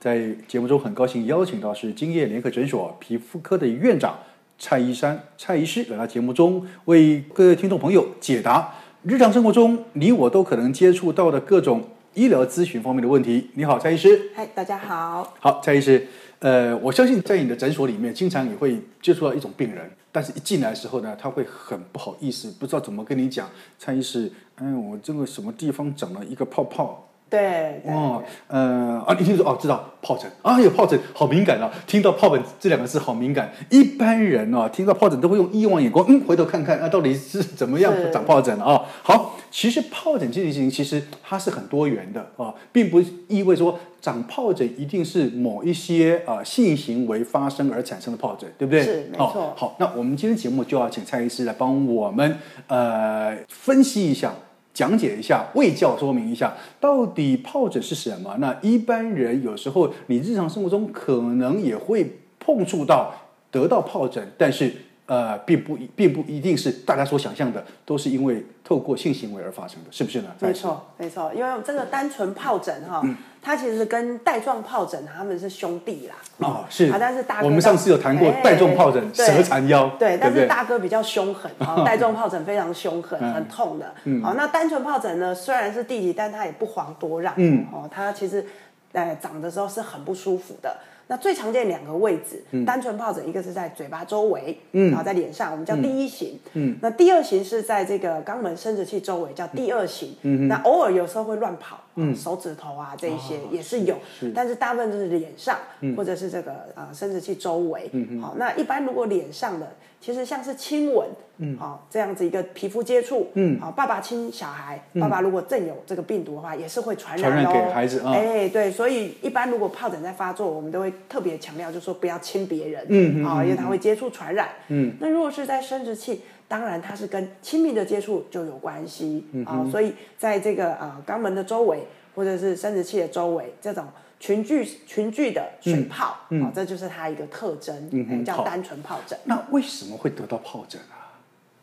在節目中，很高興邀請到是京硯聯合診所皮膚科的院長蔡逸姍蔡醫師來到節目中，為各位聽眾朋友解答日常生活中你我都可能接觸到的各種醫療諮詢方面的問題。你好，蔡醫師。嗨，大家好。好，蔡醫師。呃，我相信在你的診所裡面，經常也會接觸到一種病人，但是一進來的時候呢，他會很不好意思，不知道怎麼跟你講。蔡醫師，嗯、哎，我這個什麼地方長了一個泡泡？對,對哦，嗯、呃、啊，你聽說哦，知道疱疹啊，有疱疹好敏感啊，聽到疱疹這兩個字好敏感。一般人哦，聽到疱疹都會用異樣眼光，嗯，回頭看看啊，到底是怎麼樣長疱疹的啊是、哦？好，其實疱疹這件事情，其實它是很多元的啊、哦，並不意味說長疱疹一定是某一些啊、呃、性行為發生而產生的疱疹，對不對？是，沒錯、哦。好，那我們今天節目就要請蔡醫師來幫我們呃分析一下。講解一下，衛教說明一下，到底皰疹是什麼？那一般人有時候，你日常生活中可能也會碰觸到，得到皰疹，但是。呃，並不並不一定是大家所想象的，都是因為透過性行為而發生的是不是呢？沒錯，沒錯，因為這個單純皰疹哈，嗯嗯、它其實跟帶狀皰疹他們是兄弟啦。哦、嗯，是、嗯。但是大哥，我們上次有談過帶狀皰疹蛇纏腰，對，但是大哥比較兇狠，帶狀皰疹非常兇狠，嗯、很痛的。嗯、好，那單純皰疹呢，雖然是弟弟，但他也不遑多讓。嗯，哦，他其實、欸、長的時候是很不舒服的。那最常見兩個位置，嗯、單純疱疹一個是在嘴巴周圍，嗯、然後在臉上，我們叫第一型。嗯嗯、那第二型是在這個肛門生殖器周圍，嗯、叫第二型。嗯、哼那偶爾有時候會亂跑。手指頭啊，這一些也是有，但是大部分都是臉上，或者是這個啊生殖器周圍。好，那一般如果臉上的，其實像是親吻，嗯，好這樣子一個皮膚接觸，嗯，好爸爸親小孩，爸爸如果正有這個病毒的話，也是會傳染給孩子。哎，對，所以一般如果疱疹在發作，我們都會特別強調，就是說不要親別人，嗯，啊，因為它會接觸傳染，嗯。那如果是在生殖器。當然，它是跟親密的接觸就有關係，嗯、哼啊，所以在這個呃肛門的周圍或者是生殖器的周圍，這種群聚群聚的水泡，嗯、啊，這就是它一個特徵，嗯，哼叫單純皰疹。那為什麼會得到疱疹啊？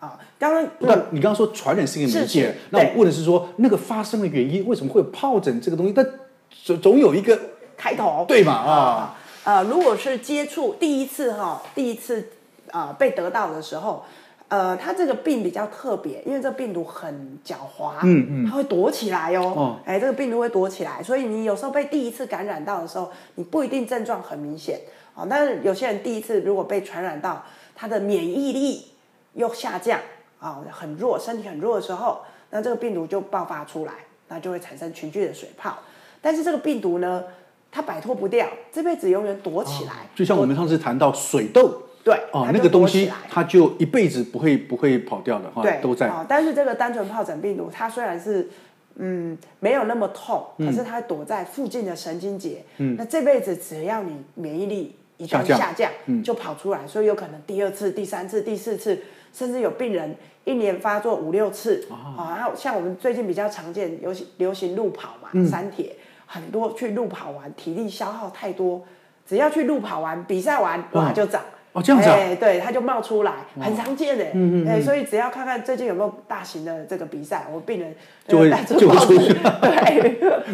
啊，剛剛你剛，嗯，你剛剛說傳染性的是一個媒介，那我問的是說那個發生的原因，為什麼會有疱疹這個東西？但總總有一個開頭，對嘛？啊，啊，啊，呃，如果是接觸第一次哈，哦，第一次啊，呃，被得到的時候。呃，它這個病比較特別，因為這個病毒很狡猾，嗯嗯，嗯它會躲起來哦。哎、哦欸，這個病毒會躲起來，所以你有時候被第一次感染到的時候，你不一定症狀很明顯。啊、哦，但是有些人第一次如果被傳染到，他的免疫力又下降，啊、哦，很弱，身體很弱的時候，那這個病毒就爆發出來，那就會產生群聚的水泡。但是這個病毒呢，它擺脫不掉，這輩子永遠躲起來。哦、就像我們上次談到水痘。對哦，那個東西它就一輩子不會不會跑掉的，哈對，都在，哦。但是這個單純皰疹病毒它雖然是，嗯、沒有那麼痛，可是它躲在附近的神經節，嗯，那這輩子只要你免疫力一旦下降，下降嗯，就跑出來，所以有可能第二次、第三次、第四次，甚至有病人一年發作五六次，然後，哦哦、像我們最近比較常見，流行流行路跑嘛，嗯，三鐵很多去路跑完，體力消耗太多，只要去路跑完比賽完，哇就，就長，哦。哦，這樣子、啊。哎、欸，對，它就冒出來，哦、很常見的。嗯嗯，嗯。哎、欸，所以只要看看最近有沒有大型的這個比賽，我病人枕就會就會出去。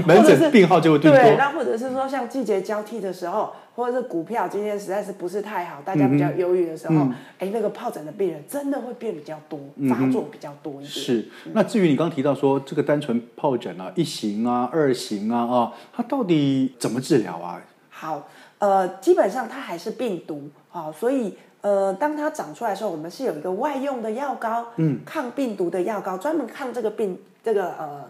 門診病號就會對。那或者是說，像季節交替的時候，或者是股票今天實在是不是太好，大家比較憂鬱的時候，哎、嗯欸，那個皰疹的病人真的會變比較多，嗯嗯發作比較多一點。是。那至於你剛提到說這個單純皰疹啊，一型啊，二型啊，啊、哦，它到底怎麼治療啊？好，呃，基本上它還是病毒，哦，所以，呃，當它長出來的時候，我們是有一個外用的藥膏，嗯，抗病毒的藥膏，專門抗這個病，這個呃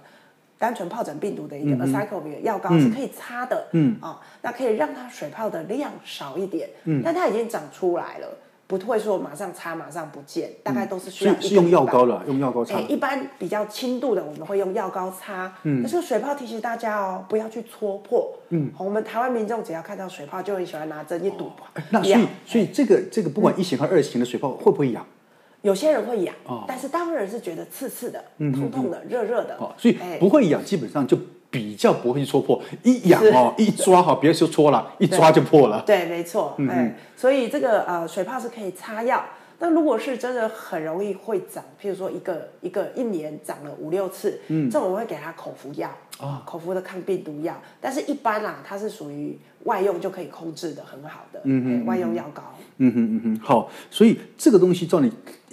單純皰疹病毒的一個，嗯 acyclovir 藥膏是可以擦的，嗯，啊、哦，那可以讓它水泡的量少一點，嗯，但它已經長出來了。不會說馬上擦馬上不見，大概都是需要。是用藥膏了。用藥膏。擦，一般比較輕度的，我們會用藥膏擦。嗯。可是水泡提醒大家哦，不要去戳破。嗯。我們台灣民眾只要看到水泡就很喜歡拿針一堵。哦。那所以所以這個這個不管一型和二型的水泡會不會癢？有些人會癢。但是大部分人是覺得刺刺的、痛痛的、熱熱的。所以不會癢，基本上就。比較不會戳破。一癢哦，是一抓哈，不要說戳了，對一抓就破了。對，對，沒錯，嗯哼、欸，所以這個呃水泡是可以擦藥，但如果是真的很容易會長，譬如說一個一個一年長了五六次，嗯，這種我會給他口服藥啊、嗯，口服的抗病毒藥，但是一般啦，它是屬於。外用就可以控制的很好的，嗯哼,嗯哼，外用藥膏，嗯哼嗯哼，好，所以這個東西照你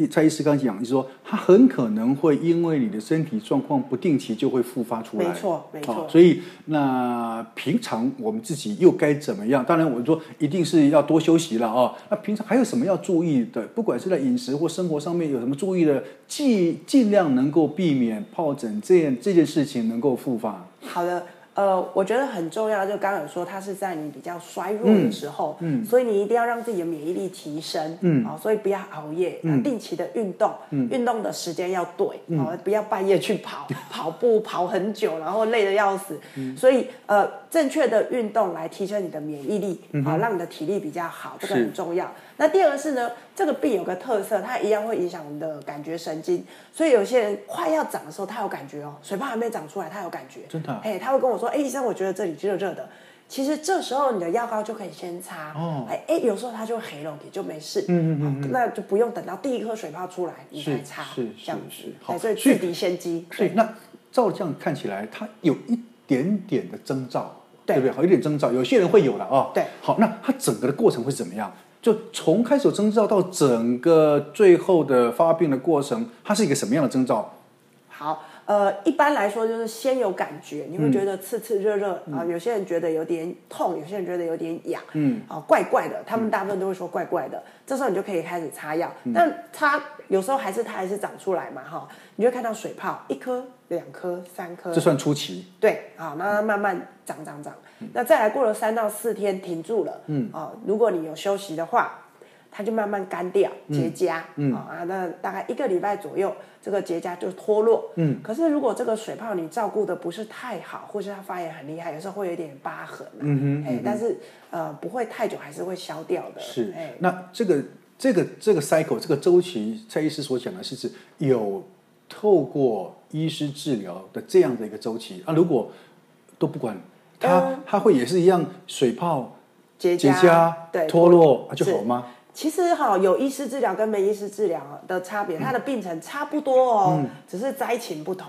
蔡醫師剛講，你、就是、說它很可能會因為你的身體狀況不定期就會復發出來，沒錯沒錯、哦，所以那平常我們自己又該怎麼樣？當然我說一定是要多休息了啊、哦。那平常還有什麼要注意的？不管是在飲食或生活上面有什麼注意的，儘儘量能夠避免疱疹這件這件事情能夠復發。好的。呃，我覺得很重要，就剛剛有說，它是在你比較衰弱的時候，嗯，所以你一定要讓自己的免疫力提升，嗯，啊，所以不要熬夜，嗯，定期的運動，嗯，運動的時間要對，啊，不要半夜去跑跑步，跑很久，然後累得要死，所以呃，正確的運動來提升你的免疫力，啊，讓你的體力比較好，這個很重要。那第二個是呢，這個病有個特色，它一樣會影響我們的感覺神經，所以有些人快要長的時候，他有感覺哦，水泡還沒長出來，他有感覺，真的，哎，他會跟我說。哎，欸、醫生，我覺得這裡熱熱的。其實這時候你的藥膏就可以先擦。哦，哎哎，有時候它就會黑了，也就沒事。嗯嗯嗯，嗯，那就不用等到第一顆水泡出來，你再擦。是是是，是是這樣子，好，所以制敵先機。所以是對那照這樣看起來，它有一點點的徵兆，對，對不對？好，有一點徵兆，有些人會有了啊。是哦、對，好，那它整個的過程會怎麼樣？就從開始徵兆到整個最後的發病的過程，它是一個什麼樣的徵兆？好。呃，一般來說就是先有感覺，你會覺得刺刺熱熱啊，有些人覺得有點痛，有些人覺得有點癢，嗯，啊、呃，怪怪的，他們大部分都會說怪怪的。嗯、這時候你就可以開始擦藥，嗯、但擦有時候還是它還是長出來嘛，哈、哦，你就看到水泡，一顆、兩顆、三顆，這算初期。對，啊、哦、那慢慢長長長，長，嗯、那再來過了三到四天停住了，嗯，啊、呃、如果你有休息的話。它就慢慢乾掉、結痂，啊，那大概一個禮拜左右，這個結痂就脫落。嗯，可是如果這個水泡你照顧的不是太好，或是它發炎很厲害，有時候會有點疤痕。嗯哼，哎，但是呃，不會太久還是會消掉的。是，哎，那這個這個這個 cycle 這個週期，蔡醫師所講的是指有透過醫師治療的這樣的一個週期。啊，如果都不管它，它會也是一樣水泡結痂、脫落就好嗎？其實哈、哦，有醫師治療跟沒醫師治療的差別，他、嗯、的病程差不多哦，嗯、只是災情不同。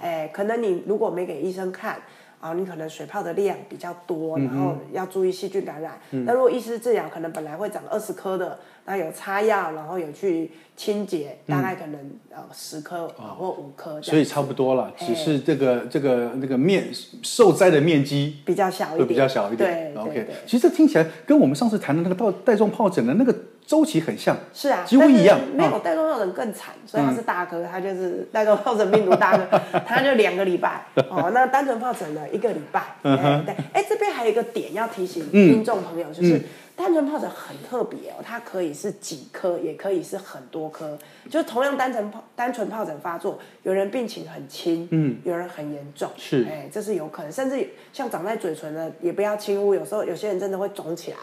哎、哦，可能你如果沒給醫生看。哦，你可能水泡的量比較多，然後要注意細菌感染。那、嗯、哼如果醫師治療，可能本來會長二十顆的，那、嗯、有擦藥，然後有去清潔，嗯、大概可能呃十顆或五顆，哦，所以差不多了，只是這個嘿這個那個面受災的面積比較小一點，對，比較小一點。OK，其實這聽起來跟我們上次談的那個帶帶狀皰疹的那個周期很像是啊，幾乎一樣。沒有帶狀皰疹更慘，所以他是大哥，他就是帶狀皰疹病毒大哥，他就兩個禮拜哦。那單純皰疹呢，一個禮拜。嗯哼。對，哎，這邊還有一個點要提醒聽眾朋友，就是單純皰疹很特別哦，它可以是幾顆，也可以是很多顆。就是同樣單純泡單純皰疹發作，有人病情很輕，嗯，有人很嚴重，是，哎，這是有可能。甚至像長在嘴唇的，也不要輕忽。有時候有些人真的會腫起來，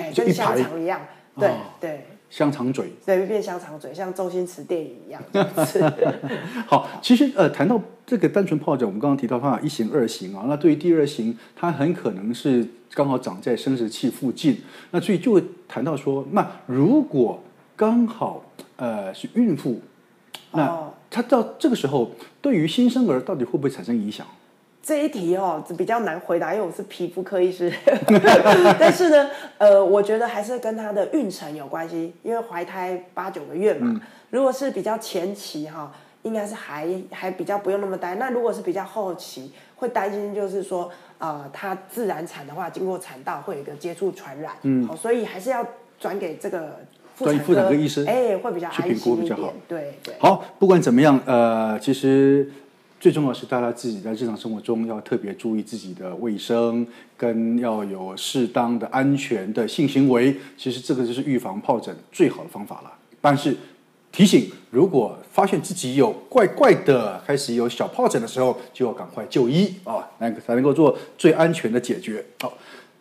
哎，跟香腸一樣。對對，香腸、哦、對嘴，對變香腸嘴，像周星馳電影一樣。樣 好，其實呃，談到這個單純皰疹，我們剛剛提到方法一型、二型啊。那對於第二型，它很可能是剛好長在生殖器附近，那所以就會談到說，那如果剛好呃是孕婦，那它到這個時候，哦、對於新生兒到底會不會產生影響？這一題哦，比較難回答，因為我是皮膚科醫師， 但是呢，呃，我覺得還是跟他的孕程有關係，因為懷胎八九個月嘛。嗯、如果是比較前期哈，應該是還還比較不用那麼擔心。那如果是比較後期，會擔心就是說，啊、呃，他自然產的話，經過產道會有一個接觸傳染，嗯、哦，所以還是要轉給這個婦產科醫生，哎、欸，會比較安心一點，去評估比較好，對對。對好，不管怎麼樣，呃，其實。最重要是大家自己在日常生活中要特別注意自己的衛生，跟要有適當的安全的性行為。其實這個就是預防皰疹最好的方法了。但是提醒，如果發現自己有怪怪的，開始有小皰疹的時候，就要趕快就醫啊、哦，才能夠做最安全的解決。好、哦，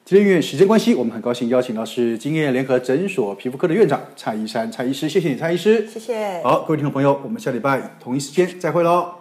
今天因為時間關係，我們很高興邀請到是京硯聯合診所皮膚科的院長蔡逸姍蔡醫師，謝謝你，蔡醫師，謝謝。好，各位聽眾朋友，我們下禮拜同一時間再會嘍。